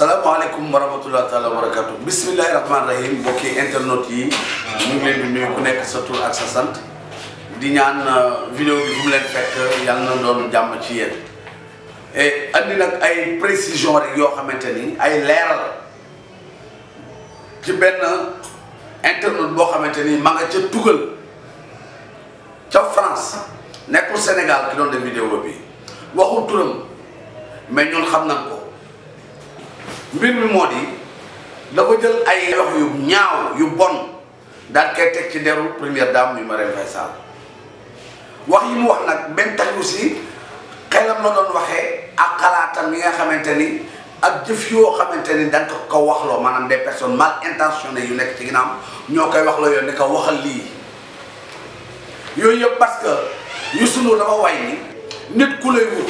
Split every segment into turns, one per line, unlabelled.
salaamaaleykum wa rahmatulah taala wa barakatu bismillahi rahmaani rahim mbokki internet yi mu ngi leen di nuyu ku nekk sa tur ak sa sant di ñaan uh, vidéo bi fu leen fekk yàlla na doon jàmm ci yéen et andi nag ay précision rek yoo xamante ni ay leeral ci benn internet boo xamante ni ma nga ca tugal ca France nekkul Sénégal ki doon def vidéo bi waxul turam mais ñun xam nañ ko mbir mi moo di dafa jël ay wax yu ñaaw yu bon daal koy teg ci deru première dame muy Marème Faye Sall wax yi mu wax nag benn tax aussi xelam la doon waxee ak xalaatam yi nga xamante ni ak jëf yoo xamante ni danga ko ko waxloo maanaam des personne mal intentionnées yu nekk ci ginnaaw ñoo koy waxloo yoon ni ko waxal lii yooyu yëpp parce que yu sunu dafa way ni nit ku lay wut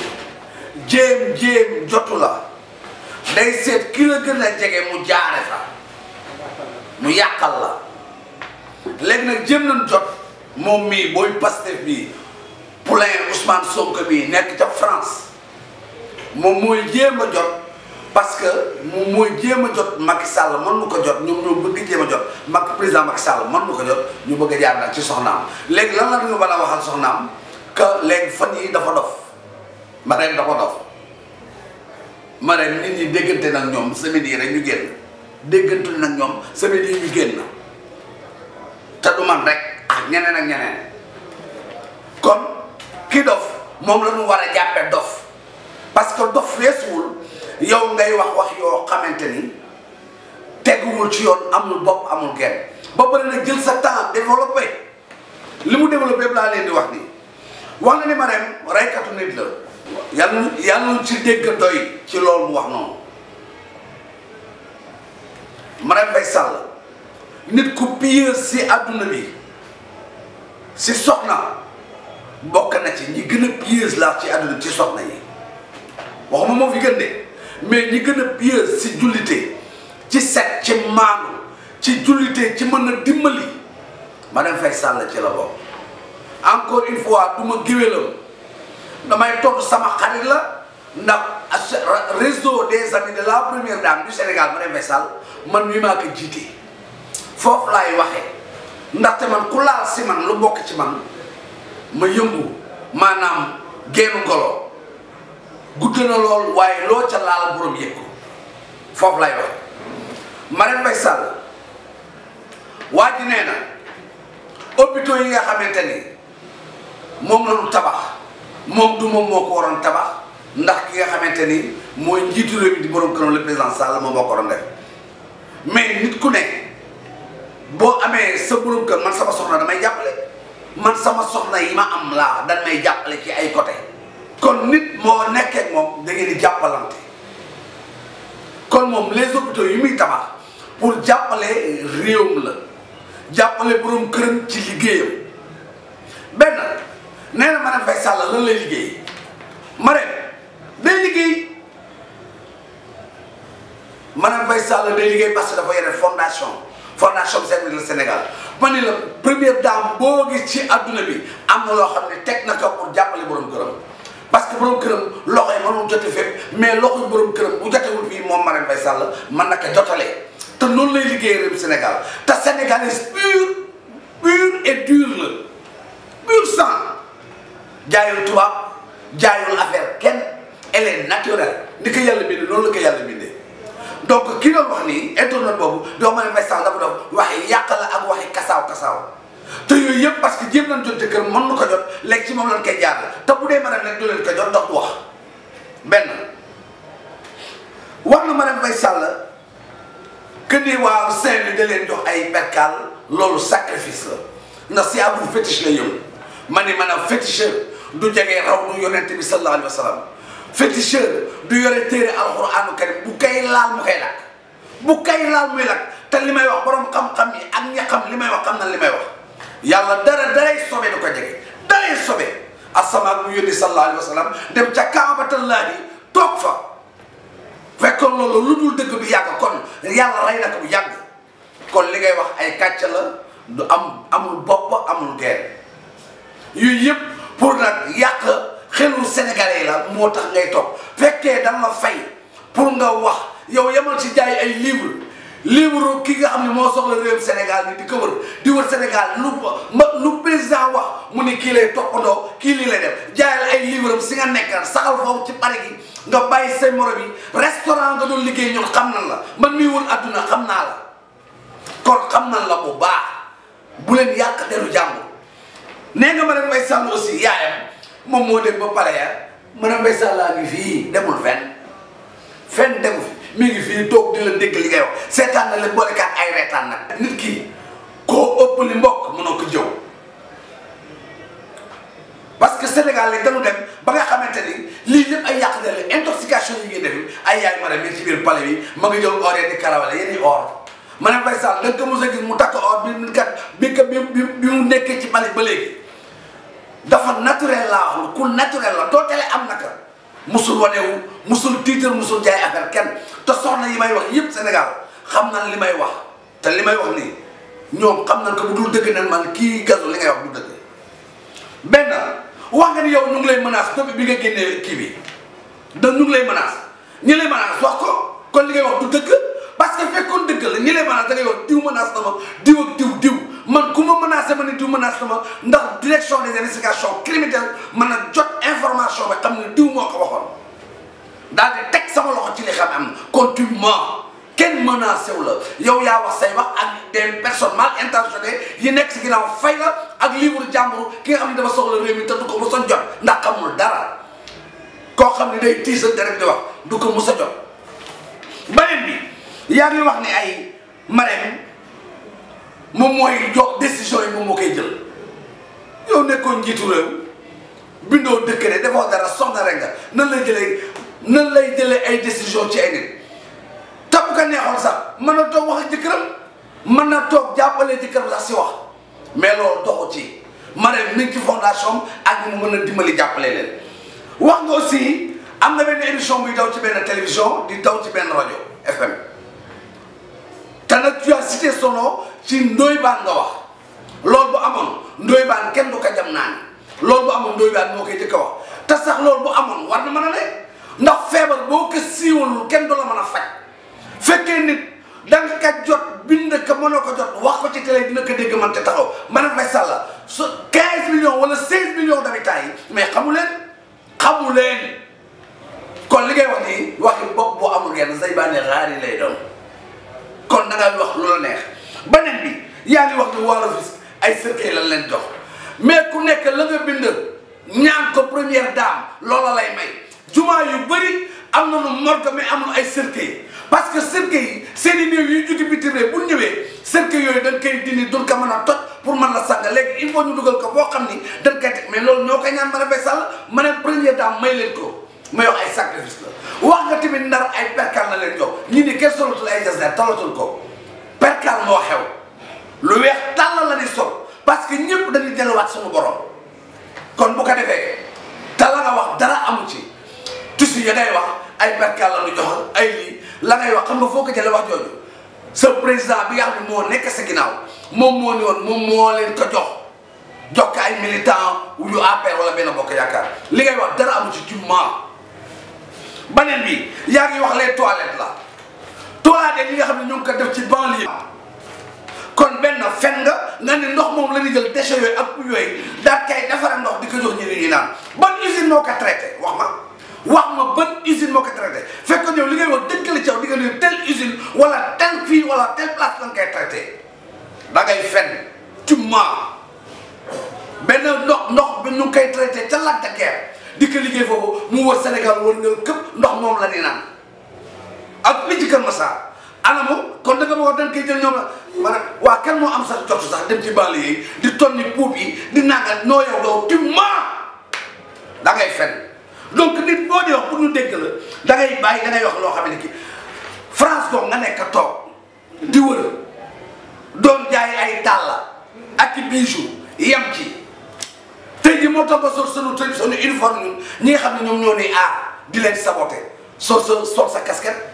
jéem jéem jotu la day seet ki la gën a jege mu jaare fa mu yàqal la léegi nag jëm nañ jot moom mii booy Pastef bii poulain Ousmane Sonko bii nekk ca France moom mooy jéem a jot parce que moom mooy jéem a jot Macky Sall mën nu ko jot ñoom ñoo jéem a jot Macky président Macky Sall mën nu ko jot ñu bëgg a jaar nag ci soxnaam léegi lan la ñu mën a waxal soxnaam que léegi fan yi dafa dof ma reem dafa dof ma ne nit ñi déggante nag ñoom semaine yi rek ñu génn déggante nag ñoom semaine yi ñu génn te du man rek ah ñeneen ak ñeneen kon ki dof moom la ñu war a jàppe dof parce que dof weesuwul yow ngay wax wax yoo xamante ni teguwul ci yoon amul bopp amul genn ba pare na jël sa temps développé li mu développé laa leen di wax nii wax na ni ma ne reykatu nit la yàlla yàlla ci dégg doy ci loolu mu wax noonu Marème Faye Sall nit ku pire si àdduna bi si soxna bokk na ci ñi gën a pire la ci àdduna ci soxna yi waxuma moo fi gën de mais ñi gën a pire si jullite ci set ci maanu ci jullite ci mën a dimbali Marème Faye Sall ci la bokk encore une du ma géwélam damay tontu sama xarit la ndax réseau des amis de la première dame du Sénégal Marième Faye Sall man mii maa ko jiite foofu laay waxee ndaxte man ku laal si man lu bokk ci man ma yëngu maanaam génn ngolo gudd na lool waaye loo ca laal borom yëg ko foofu laay waxee Marième Faye Sall waa ji nee na hôpitaux yi nga xamante ni moom la ñu tabax. moom du moom moo ko waroon tabax ndax ki nga xamante ni mooy njiitu réew mi di borom këram le président Sall moom moo ko waroon def mais nit ku nekk boo amee sa borom kër man sama soxna damay jàppale man sama soxna yi ma am laa dañ may jàppale ci ay côté kon nit moo nekkee moom da ngeen di jàppalante kon moom les hôpitaux yi muy tabax pour jàppale réewam la jàppale borom këram ci liggéeyam. nee na Marème Faye Sall lan lay liggéey Marème day liggéey Marème Faye Sall day liggéey parce que dafa yore fondation fondation Servir le Sénégal ma ni la première dame boo gis ci adduna bi am na loo xam ne teg na ko pour jàppale borom këram parce que borom këram loxo yi mënul jote fépp mais loxo borom këram bu jotewul fii moom Marème Faye Sall mën na ko te noonu lay liggéey réew Sénégal te sénégalais pur pur et dur sang jaayul tubaab jaayul affaire kenn elle est naturelle ni ko yàlla bindee loolu la ko yàlla bindee donc ki doon wax nii internet boobu doo ma ne message dafa doon wax yàq la ak waxi kasaaw kasaaw te yooyu yëpp parce que jéem nañ jot jëkkër mën na ko jot léegi ci moom lañ koy jaar te bu dee mën a nekk du ko jot ndax du wax benn war na ma ne message kë que ni waa Saint-Louis leen jox ay percal loolu sacrifice la ndax si abu fétiche la yow ma ne maanaam du jege raw du yonent bi sallallahu alayhi wasallam sallam féticheur du yore téré alquran karim bu kay laal mu kay lakk bu kay laal muy lakk te limay wax borom xam-xam yi ak ñi xam limay wax xam na limay wax yàlla dara daray sobe du ko jege daray sobe asama mu yónni sallallahu alayhi wasallam dem ca kaabatallaa bi tok fa fekk lolu lu dul dëgg bi yàgg kon yàlla ray nak bu yag kon li ngay wax ay kàcc la du am amul bop amul geen yooyu yep pour nag yàq xelu sénégalais la moo tax ngay toog fekkee da nga fay pour nga wax yow yamal ci jaay ay livre livre ki nga xam ne moo soxla réew Sénégal ni di ko wër di wër Sénégal lu ma lu président wax mu ni kii lay toppandoo kii lii lay def jaayal ay livre si nga nekkal saxal foofu ci pare gi nga bàyyi say morom yi restaurant nga doon liggéey ñoom xam nan la man mii wul àdduna xam naa la kon xam nan la bu baax bu leen yàq deru jàmbur nee nga madame Mbaye Sall aussi yaayam moom moo dem ba pare ya madame Mbaye Sall ngi fii demul fenn fenn demu fi mi ngi fii toog di la dégg wax seetaan na la boolekaat ay reetaan nag nit ki koo ëpp li mbokk mënoo ko jëw parce que Sénégal léegi dañu dem ba nga xamante ni lii lépp ay yàq la intoxication yi ngay def ay yaay madame yi ci biir palais bi ma nga jël or yi di karawale yéen i or madame Mbaye Sall da nga ko mos a mu takk or bi kat bi ba léegi dafa naturel laa wax ku naturel la dootele am naka musul wanewu musul tiital musul jaay affaire kenn te soxna yi may wax yëpp Sénégal xam nañ li may wax te li may wax nii ñoom xam nañ ko bu dul dëgg nañ man kii Gaston li ngay wax du dëgg benn wax nga ni yow ñu ngi lay menace topp bi nga génnee kii bi da ñu ngi lay menace ñi lay menace wax ko kon li ngay wax du dëgg parce que fekkoon dëgg la ñi lay menace da ngay wax diw menace na ma diw man ku ma menacé ma ni diw menacé ma ndax direction des investigations criminelles mën na jot information ma xam ne diw moo ko waxoon daal di teg sama loxo ci li xam am kon tu kenn menacé la yow yaa wax say wax ak des personnes yi nekk si ginnaaw fay la ak livre jàmbur ki nga xam ne dafa soxla réew mi te du ko mos a jot ndax xamul dara koo xam ne day tiisal rek di wax du ko mos a jot beneen bi yaa ngi wax ni ay Marème moom mooy jox décision yi moom moo koy jël yow nekkoon njiitu réew bindoo décret defoo dara soxna rek nga nan lay jëlee nan lay jëlee ay décision ci ay nit tam ka neexoon sax mën na toog wax ak jëkkëram mën na toog jàppale jëkkëram sax si wax mais loolu doxu ci Marème mi ngi ci fondation ak ñu mën na dimbali jàppale leen wax nga aussi am na benn émission buy daw ci benn télévision di daw ci benn rajo FM te nag tu as cité son nom ci Ndoye Bane nga wax loolu bu amoon Ndoye Bane kenn du ko jam naan loolu bu amoon Ndoye Bane moo koy jëkk a wax te sax loolu bu amoon war na mën a ne ndax feebar boo ko siiwalul kenn du la mën a faj fekkee nit da nga ka jot bind ko mënoo ko jot wax ko ci télé dina ko dégg man te taxaw man a fay sàlla su 15 millions wala 16 millions d'habitants yi mais xamu leen xamu leen kon li ngay wax nii waxi bopp boo amul genn say bànne raari lay kon na ngaa wax loolu neex beneen bi yaa ngi wax ne waa Rufisque ay cercueil lan leen jox mais ku nekk la nga bind ñaan ko première dame loola lay may jumaa yu bëri am na nañu morgue mais am na ay cercueil parce que cercueil yi seen i néew yu jóge bitim réew bu ñëwee cercueil yooyu dañ koy dindi duñ ko mën a toj pour mën la sàng léegi il faut ñu dugal ko boo xam ni dañ koy teg mais loolu ñoo ko ñaan ma ne fay sàll ma ne première dame leen ko may wax ay nga tamit ndar ay talatul ko perkal moo xew lu weex tàll la di sol parce que ñëpp dañuy delluwaat suñu borom kon bu ko defee te la nga wax dara amu ci tusi ya ngay wax ay perkal la nu joxal ay lii la ngay wax xam nga foo ko jëlee wax jooju sa président bi nga xam ne moo nekk sa ginnaaw moom moo ni woon moom moo leen ko jox jox ko ay militant wu ñu APR wala benn bokk yaakaar li ngay wax dara amu ci jumement beneen bi yaa ngi wax les toilettes la toit de li nga xam ne ñu ngi ko def ci banlieue kon benn fen nga nga ne ndox moom la ñu jël déchets yooyu ak puits yooyu daal kay ndox di ko jox ñeneen ñi naan ban usine moo ko traité wax ma wax ma ban usine moo ko traité fekk ñëw li ngay wax dëgg la caw di nga ne telle usine wala telle fii wala telle place lañ koy traité da ngay fen ci benn ndox ndox bi ñu ngi koy traité ca Lac de Guiers di ko liggéey foofu mu wër Sénégal wër nga këpp ndox moom la ñu naan. ak li ma saa Masar anamu kon da nga ma wax dañ koy jël ñoom la ma waa kan moo am sax jot sax dem ci bàll yi di tonni puub yi di naaga noo yow doo tu ma da ngay fen donc nit boo di wax pour ñu dégg la da ngay bàyyi da ngay loo xam ne ki France ko nga nekk toog di wër doon jaay ay dàlla ak i bijoux yem ci tey ji moo tax ba sor sunu tëj sunu uniforme ñi nga xam ne ñoom ñoo ne aar di leen saboté sor sa soo sa casquette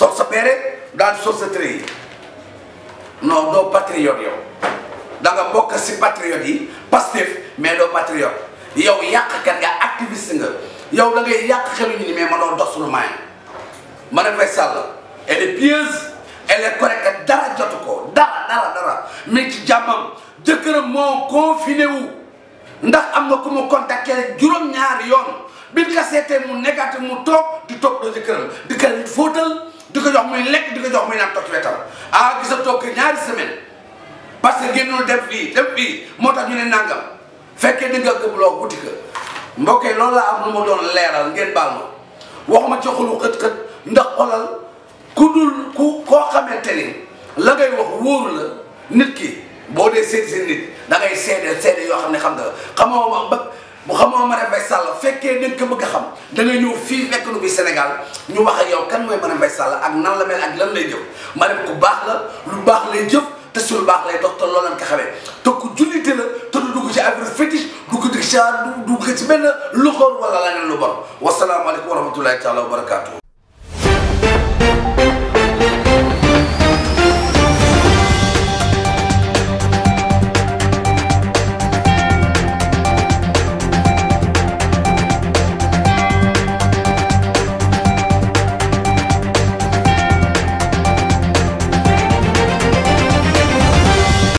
soog sa peere daal soog sa trait yi non doo patriote yow da bokk si patriote yi Pastef mais doo patriote yow yàqkat nga activiste nga yow da ngay yàq xelu ñu ni mais mënoo dox suñu maay Marième Faye Sall elle est pieuse elle est correcte dara jotu ko dara dara dara mais ci jàmmam jëkkëram moo confiné ndax am na ku mu contacté juróom-ñaari yoon bi nga seetee mu négatif mu toog di toog doo jëkkëram di ko fóotal di ko jox muy lekk di ko jox muy naan toog ci wetam ah gis nga toog ñaari semaine parce que génnul dem fii dem fii moo tax ñu ne nangam fekkee di nga gëm loo guddi ka mbokk yi laa am lu ma doon leeral ngeen baal ma waxuma ci xolu xët xët ndax xolal ku dul ku koo xamante ni la ngay wax wóoru la nit ki boo dee seet seen nit da ngay seede yoo xam ne xam nga xam xamoo ba. Mama Marème Faye Sall fekkee da nga ko bëgg a xam da nga fii fekk nu bi Sénégal ñu wax ak yow kan mooy Marème Faye Sall ak nan la mel ak lan lay jëf Marème ku baax la lu baax la jëf te su lu baax lay dox te loolu lañ ko xamee te ku jullite la te du dugg ci affaire fétiche du ko dig du dugg ci benn lu xool wala leneen lu bon wasalaamualeykum wa rahmatulahi taala wa barakaatu.